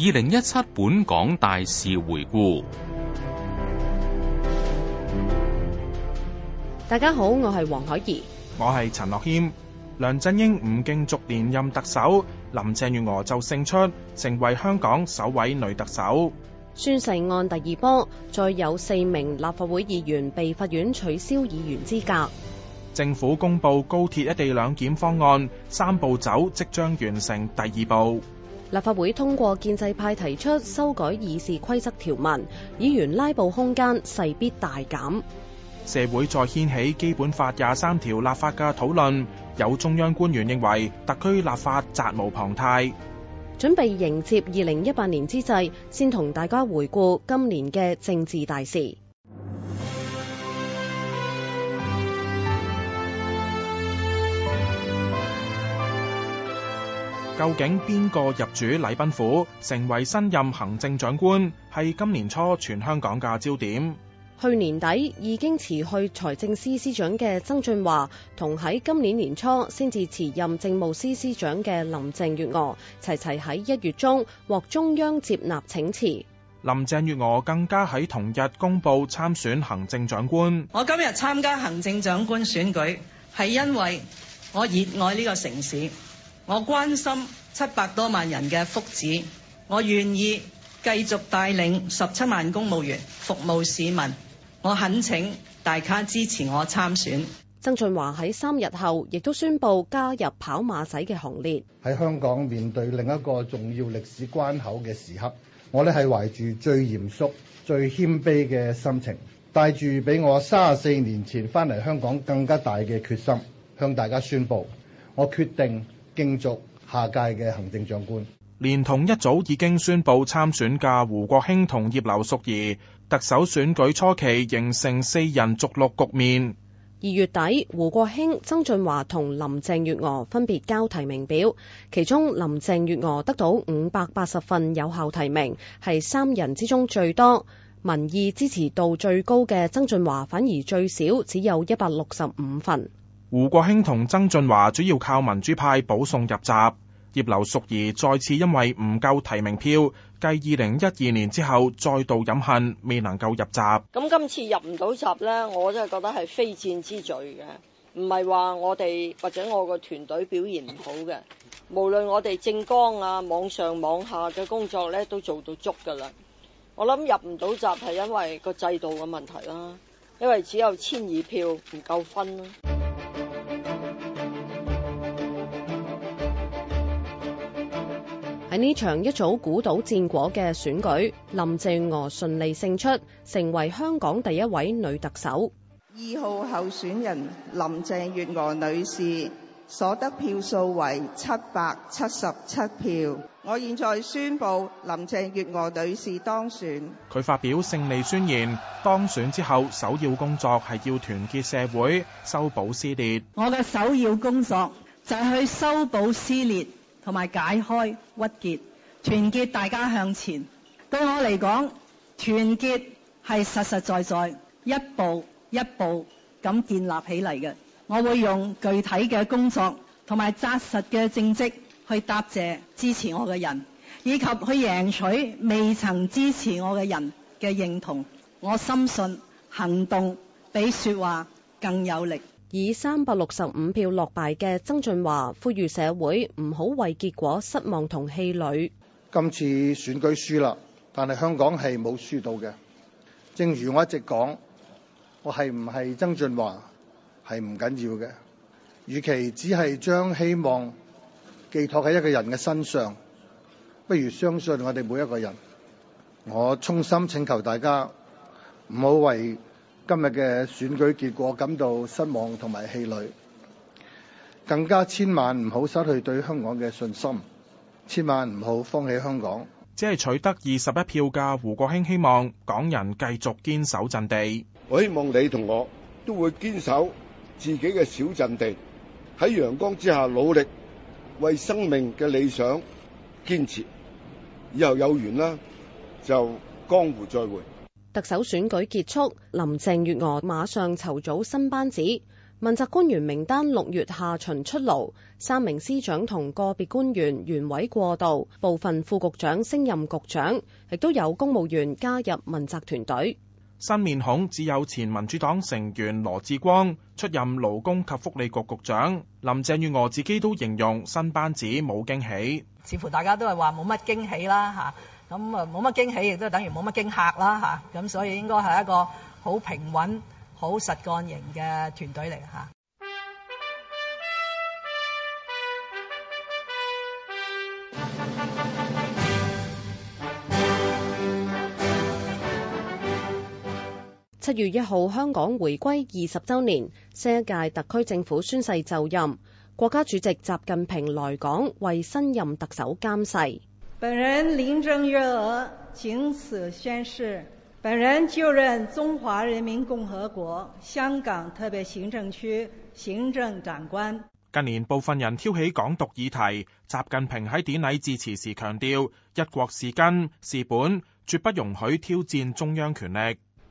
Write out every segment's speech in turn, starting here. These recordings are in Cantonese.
二零一七本港大事回顧。大家好，我係黃凱宜，我係陳樂謙。梁振英唔競逐連任特首，林鄭月娥就勝出，成為香港首位女特首。宣誓案第二波，再有四名立法會議員被法院取消議員資格。政府公布高鐵一地兩檢方案，三步走即將完成第二步。立法會通過建制派提出修改議事規則條文，議員拉布空間勢必大減。社會再掀起《基本法》廿三條立法嘅討論，有中央官員認為特區立法責無旁貸。準備迎接二零一八年之際，先同大家回顧今年嘅政治大事。究竟邊個入主禮賓府，成為新任行政長官，係今年初全香港嘅焦點。去年底已經辭去財政司司長嘅曾俊華，同喺今年年初先至辭任政務司司長嘅林鄭月娥，齊齊喺一月中獲中央接納請辭。林鄭月娥更加喺同日公布參選行政長官。我今日參加行政長官選舉，係因為我熱愛呢個城市。我關心七百多萬人嘅福祉，我願意繼續帶領十七萬公務員服務市民。我懇請大家支持我參選。曾俊華喺三日後亦都宣布加入跑馬仔嘅行列。喺香港面對另一個重要歷史關口嘅時刻，我呢係懷住最嚴肅、最謙卑嘅心情，帶住比我三十四年前翻嚟香港更加大嘅決心，向大家宣布，我決定，競逐下屆嘅行政長官，連同一組已經宣布參選嘅胡國興同葉劉淑儀，特首選舉初期形成四人逐鹿局面。二月底，胡國興、曾俊華同林鄭月娥分別交提名表，其中林鄭月娥得到五百八十份有效提名，係三人之中最多，民意支持度最高嘅曾俊華反而最少，只有一百六十五份。胡國興同曾俊華主要靠民主派保送入閘，葉劉淑儀再次因為唔夠提名票，繼二零一二年之後再度飲恨，未能夠入閘。咁今次入唔到閘呢，我真係覺得係非戰之罪嘅，唔係話我哋或者我個團隊表現唔好嘅。無論我哋政綱啊，網上網下嘅工作呢，都做到足噶啦。我諗入唔到閘係因為個制度嘅問題啦，因為只有千二票唔夠分咯。喺呢場一早估到戰果嘅選舉，林鄭月娥順利勝出，成為香港第一位女特首。二號候選人林鄭月娥女士所得票數為七百七十七票。我現在宣布林鄭月娥女士當選。佢發表勝利宣言，當選之後首要工作係要團結社會，修補撕裂。我嘅首要工作就係去修補撕裂。同埋解開鬱結，團結大家向前。對我嚟講，團結係實實在在，一步一步咁建立起嚟嘅。我會用具體嘅工作同埋紮實嘅政績去答謝支持我嘅人，以及去贏取未曾支持我嘅人嘅認同。我深信行動比說話更有力。以三百六十五票落敗嘅曾俊華呼籲社會唔好為結果失望同氣餒。今次選舉輸啦，但係香港係冇輸到嘅。正如我一直講，我係唔係曾俊華係唔緊要嘅。與其只係將希望寄託喺一個人嘅身上，不如相信我哋每一個人。我衷心請求大家唔好為。今日嘅選舉結果感到失望同埋氣餒，更加千萬唔好失去對香港嘅信心，千萬唔好放棄香港。只係取得二十一票嘅胡國興希望港人繼續堅守陣地。我希望你同我都會堅守自己嘅小陣地，喺陽光之下努力，為生命嘅理想堅持。以後有緣啦，就江湖再會。特首選舉結束，林鄭月娥馬上籌組新班子，問責官員名單六月下旬出爐，三名司長同個別官員原位過渡，部分副局長升任局長，亦都有公務員加入問責團隊。新面孔只有前民主黨成員羅致光出任勞工及福利局局長，林鄭月娥自己都形容新班子冇驚喜，似乎大家都係話冇乜驚喜啦吓，咁啊冇乜驚喜亦都等於冇乜驚嚇啦吓，咁所以應該，係一個好平穩好實幹型嘅團隊嚟吓。七月一號，香港回歸二十周年，新一屆特區政府宣誓就任，國家主席習近平來港為新任特首監誓。本人林鄭月娥謹此宣誓，本人就任中華人民共和國香港特別行政區行政長官。近年部分人挑起港獨議題，習近平喺典禮致辭時強調，一國是根是本，絕不容許挑戰中央權力。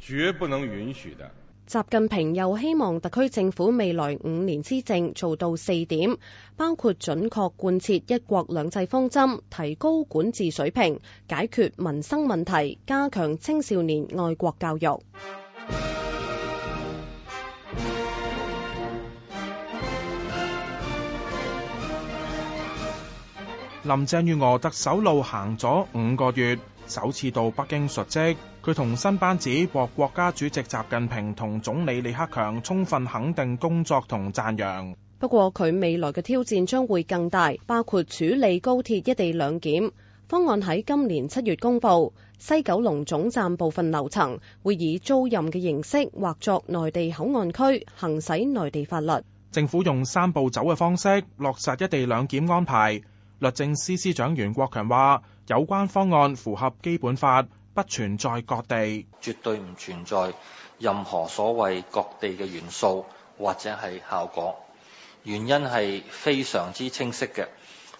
絕不能允許的。習近平又希望特區政府未來五年施政做到四點，包括準確貫徹一國兩制方針，提高管治水平，解決民生問題，加強青少年愛國教育。林鄭月娥特首路行咗五個月，首次到北京述職，佢同新班子獲國家主席習近平同總理李克強充分肯定工作同讚揚。不過佢未來嘅挑戰將會更大，包括處理高鐵一地兩檢方案喺今年七月公布，西九龍總站部分樓層會以租賃嘅形式劃作內地口岸區，行使內地法律。政府用三步走嘅方式落實一地兩檢安排。律政司司長袁國強話。有關方案符合基本法，不存在割地，絕對唔存在任何所謂割地嘅元素或者係效果。原因係非常之清晰嘅，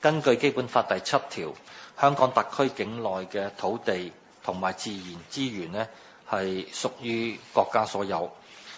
根據基本法第七條，香港特區境內嘅土地同埋自然資源呢，係屬於國家所有，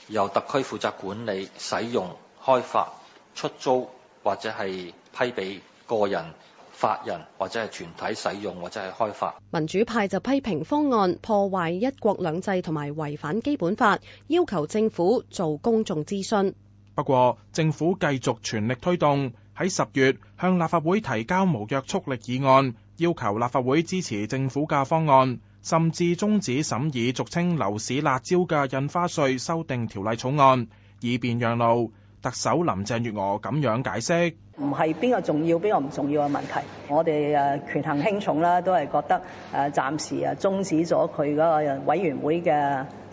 由特區負責管理、使用、開發、出租或者係批俾個人。法人或者係全體使用或者係開發。民主派就批評方案破壞一國兩制同埋違反基本法，要求政府做公眾諮詢。不過政府繼續全力推動喺十月向立法會提交無約束力議案，要求立法會支持政府嘅方案，甚至終止審議俗稱樓市辣招嘅印花稅修訂條例草案，以便讓路。特首林鄭月娥咁樣解釋，唔係邊個重要，邊個唔重要嘅問題。我哋誒權衡輕重啦，都係覺得誒暫時啊，中止咗佢嗰個委員會嘅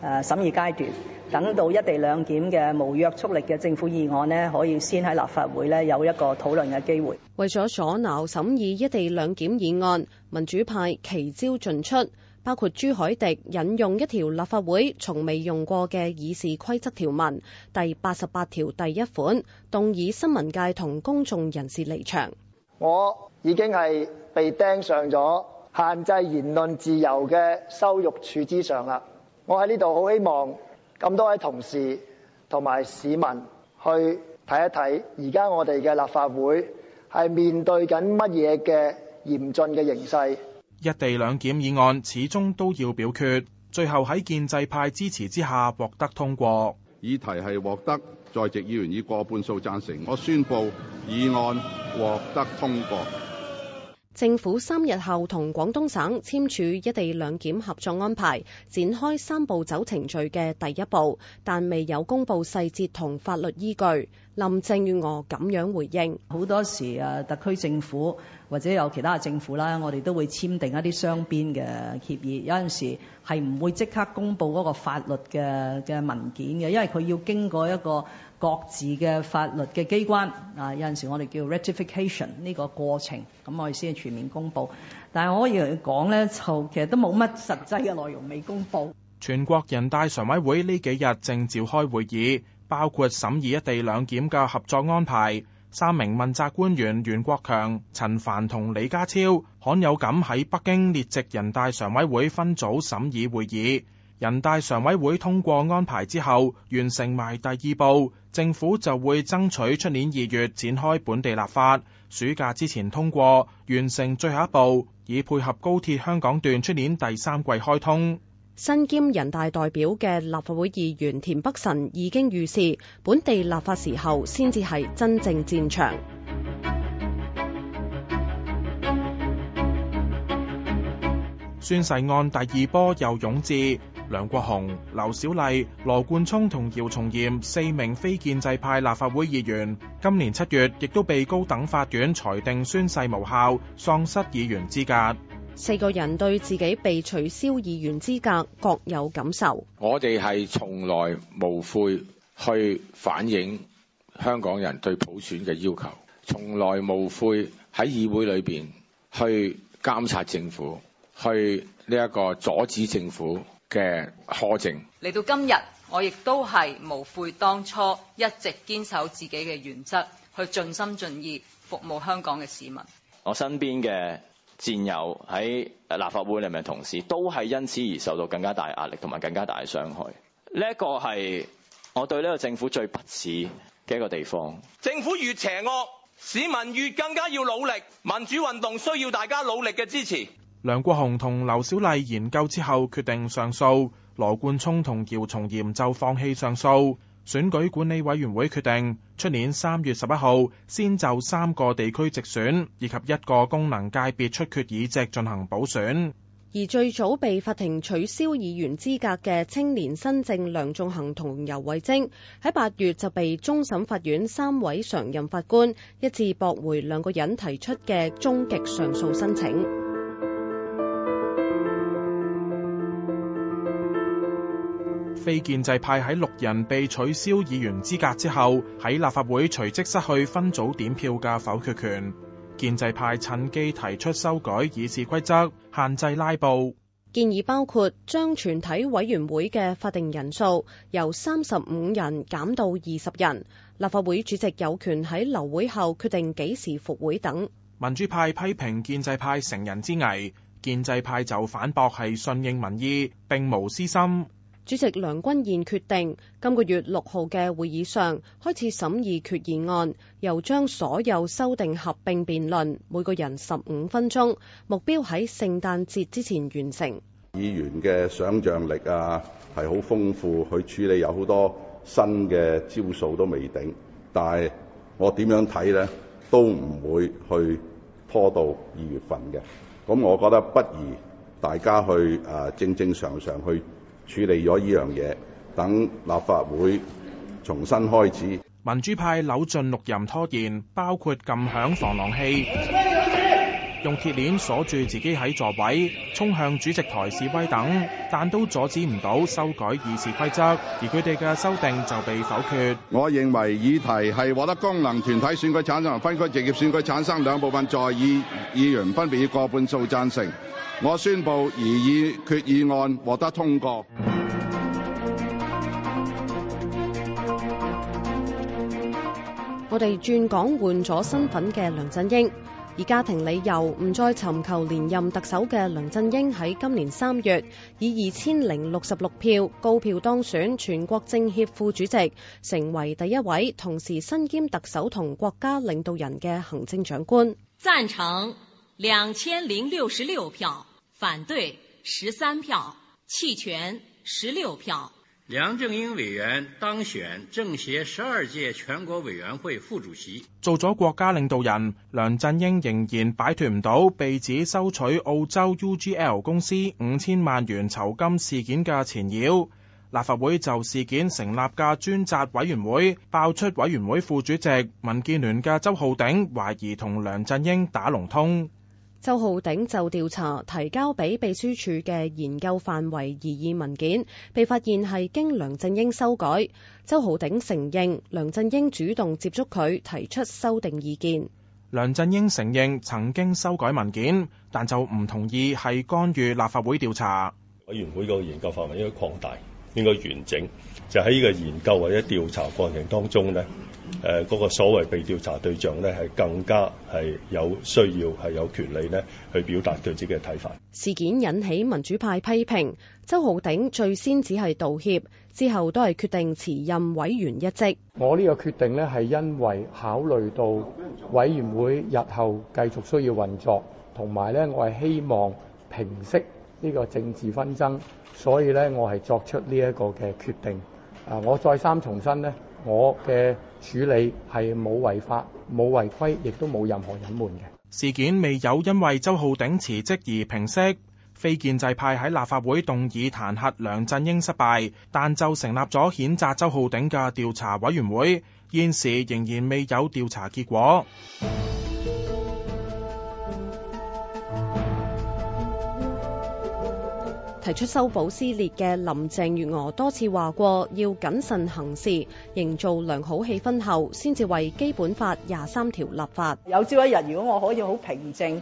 誒審議階段，等到一地兩檢嘅無約束力嘅政府議案呢，可以先喺立法會呢有一個討論嘅機會。為咗阻撓審議一地兩檢議案，民主派奇招盡出。包括朱凱迪引用一條立法會從未用過嘅議事規則條文第八十八條第一款，動議新聞界同公眾人士離場。我已經係被釘上咗限制言論自由嘅羞辱柱之上啦。我喺呢度好希望咁多位同事同埋市民去睇一睇，而家我哋嘅立法會係面對緊乜嘢嘅嚴峻嘅形勢。一地兩檢議案始終都要表決，最後喺建制派支持之下獲得通過。議題係獲得在席議員已過半數贊成，我宣布議案獲得通過。政府三日後同廣東省簽署一地兩檢合作安排，展開三步走程序嘅第一步，但未有公布細節同法律依據。林鄭月娥咁樣回應：“好多時啊，特區政府或者有其他嘅政府啦，我哋都會簽訂一啲雙邊嘅協議，有陣時係唔會即刻公布嗰個法律嘅嘅文件嘅，因為佢要經過一個。”各自嘅法律嘅機關啊，有陣時我哋叫 ratification 呢個過程，咁我哋先係全面公布。但係我可以講咧，就其實都冇乜實際嘅內容未公布。全國人大常委會呢幾日正召開會議，包括審議一地兩檢嘅合作安排。三名問責官員袁國強、陳帆同李家超，罕有咁喺北京列席人大常委會分組審議會議。人大常委會通過安排之後，完成埋第二步，政府就會爭取出年二月展開本地立法，暑假之前通過，完成最後一步，以配合高鐵香港段出年第三季開通。身兼人大代表嘅立法會議員田北辰已經預示，本地立法時候先至係真正戰場。宣誓案第二波又湧至。梁國雄、劉小麗、羅冠聰同姚松炎四名非建制派立法會議員，今年七月亦都被高等法院裁定宣誓無效，喪失議員資格。四個人對自己被取消議員資格各有感受。我哋係從來無悔去反映香港人對普選嘅要求，從來無悔喺議會裏邊去監察政府，去呢一個阻止政府嘅苛政嚟到今日，我亦都係無悔當初，一直堅守自己嘅原則，去盡心盡意服務香港嘅市民。我身邊嘅戰友喺立法會裏面嘅同事，都係因此而受到更加大壓力同埋更加大嘅傷害。呢一個係我對呢個政府最不恥嘅一個地方。政府越邪惡，市民越更加要努力。民主運動需要大家努力嘅支持。梁國雄同劉小麗研究之後決定上訴，羅冠聰同姚松炎就放棄上訴。選舉管理委員會決定出年三月十一號先就三個地區直選以及一個功能界別出缺議席進行補選。而最早被法庭取消議員資格嘅青年新政梁頌恆同游蕙禎喺八月就被終審法院三位常任法官一致駁回兩個人提出嘅終極上訴申請。非建制派喺六人被取消議員資格之後，喺立法會隨即失去分組點票嘅否決權。建制派趁機提出修改議事規則，限制拉布，建議包括將全體委員會嘅法定人數由三十五人減到二十人，立法會主席有權喺留會後決定幾時復會等。民主派批評建制派乘人之危，建制派就反駁係順應民意，並無私心。主席梁君彥決定今個月六號嘅會議上開始審議決議案，又將所有修訂合併辯論，每個人十五分鐘，目標喺聖誕節之前完成。議員嘅想像力啊，係好豐富，去處理有好多新嘅招數都未定，但係我點樣睇咧，都唔會去拖到二月份嘅。咁，我覺得不如大家去啊，正正常常去。處理咗呢樣嘢，等立法會重新開始。民主派扭盡六壬拖延，包括禁響防狼器。用鐵鏈鎖住自己喺座位，衝向主席台示威等，但都阻止唔到修改議事規則，而佢哋嘅修訂就被否決。我認為議題係獲得功能團體選舉產生同分區直接選舉產生兩部分，在議議員分別要過半數贊成，我宣布疑議決議案獲得通過。我哋轉講換咗身份嘅梁振英。以家庭理由唔再尋求連任特首嘅梁振英喺今年三月以二千零六十六票高票當選全國政協副主席，成為第一位同時身兼特首同國家領導人嘅行政長官。贊成兩千零六十六票，反對十三票，棄權十六票。梁振英委員當選政協十二屆全國委員會副主席。做咗國家領導人，梁振英仍然擺脫唔到被指收取澳洲 UGL 公司五千萬元酬金事件嘅纏繞。立法會就事件成立嘅專責委員會，爆出委員會副主席民建聯嘅周浩鼎懷疑同梁振英打龍通。周浩鼎就調查提交俾秘書處嘅研究範圍疑異文件，被發現係經梁振英修改。周浩鼎承認梁振英主動接觸佢提出修訂意見。梁振英承認曾經修改文件，但就唔同意係干預立法會調查。委員會個研究範圍應該擴大。應該完整，就喺呢個研究或者調查過程當中呢，誒嗰個所謂被調查對象呢，係更加係有需要，係有權利呢去表達對自己嘅睇法。事件引起民主派批評，周浩鼎最先只係道歉，之後都係決定辭任委員一職。我呢個決定呢，係因為考慮到委員會日後繼續需要運作，同埋呢我係希望平息。呢個政治紛爭，所以咧，我係作出呢一個嘅決定。啊，我再三重申呢，我嘅處理係冇違法、冇違規，亦都冇任何隱瞞嘅。事件未有因為周浩鼎辭職而平息，非建制派喺立法會動議彈劾梁振英失敗，但就成立咗譴責周浩鼎嘅調查委員會，現時仍然未有調查結果。提出修補撕裂嘅林鄭月娥多次話過，要謹慎行事，營造良好氣氛後，先至為《基本法》廿三條立法。有朝一日，如果我可以好平靜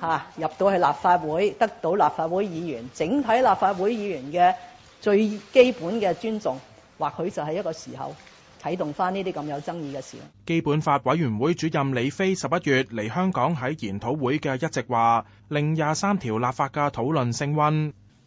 吓入到係立法會，得到立法會議員整體立法會議員嘅最基本嘅尊重，或許就係一個時候啟動翻呢啲咁有爭議嘅事。基本法委員會主任李飛十一月嚟香港喺研討會嘅一席話，令廿三條立法嘅討論升溫。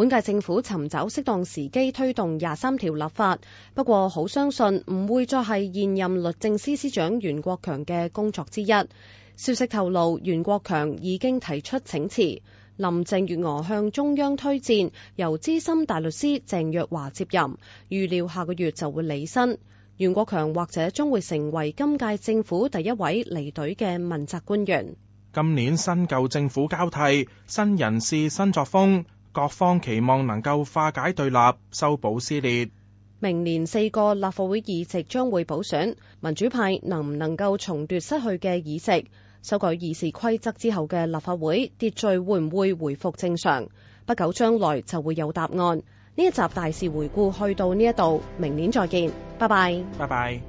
本屆政府尋找適當時機推動廿三條立法，不過好相信唔會再係現任律政司司長袁國強嘅工作之一。消息透露，袁國強已經提出請辭。林鄭月娥向中央推薦由資深大律師鄭若驊接任，預料下個月就會離身，袁國強，或者將會成為今屆政府第一位離隊嘅問責官員。今年新舊政府交替，新人士新作風。各方期望能夠化解對立，修補撕裂。明年四個立法會議席將會補選，民主派能唔能夠重奪失去嘅議席？修改議事規則之後嘅立法會秩序會唔會回復正常？不久將來就會有答案。呢一集大事回顧去到呢一度，明年再見，拜拜，拜拜。